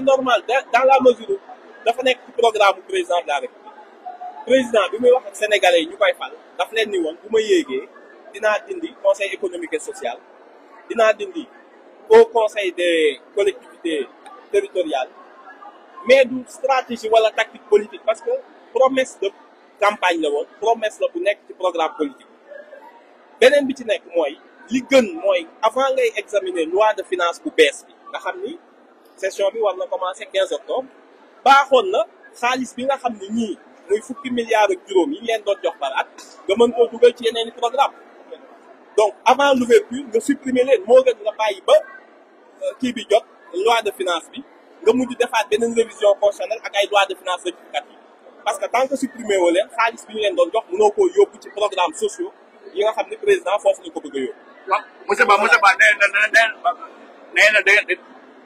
c'est normal dans la mesure où dafa a un programme président de la république Le président bi je wax ak sénégalais yi ñu koy daf ni dindi conseil économique et social dina dindi au conseil des collectivités territoriales mais du stratégie ou la tactique politique parce que promesse de campagne la promesse de programme politique beneen bi ci nekk moi li avant ngay examiner loi de finances pour BSP, bi nga session bi war na commencer 15 octobre baaxoon na xaalis bi nga xam ne ñii muy fukki milliards ak juróom yi ñu leen doon jox par at nga mën koo dugal ci yeneen i programme donc avant l'ouverture nga supprimer leen moo gën nga bàyyi ba euh, kii bi jot loi de finance bi nga mujj defaat beneen révision constitutionnelle ak ay loi de finance rectificative parce que tant que supprimer leen xaalis bi ñu leen doon jox mënoo koo yóbbu ci programme sociaux yi nga xam ne président foofu ñu ko bëgg a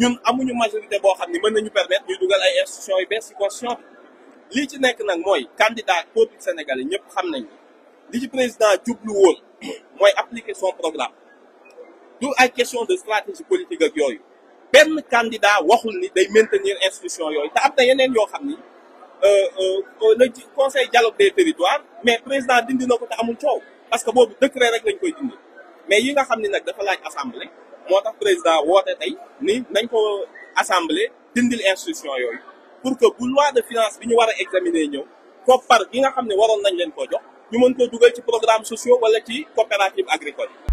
ñun amuñu majorité bo xamni ni mën nañu permettre ñuy duggal ay institutions yu bees ci constitution li ci nek nak moy candidat politique sénégalais ñëpp xam nañ li ci président djublu woon moy appliquer son programme du ay question de stratégie politique ak yoy ben candidat waxul ni day maintenir institution yoy ta am na yeneen xamni euh, euh euh le conseil dialogue des territoires mais président dindi na ko te amul coow parce que bobu décret rek lañ koy dindi mais yi nga xamni nak dafa laaj assemblée motax président woote tay ni nañ ko assemblée dindil institution yoy pour que bu loi de finance bi ñu war a examiner ñëw koppar gi nga xamné waron nañ leen ko jox ñu mën ko duggal ci programme sociaux wala ci coopérative agricole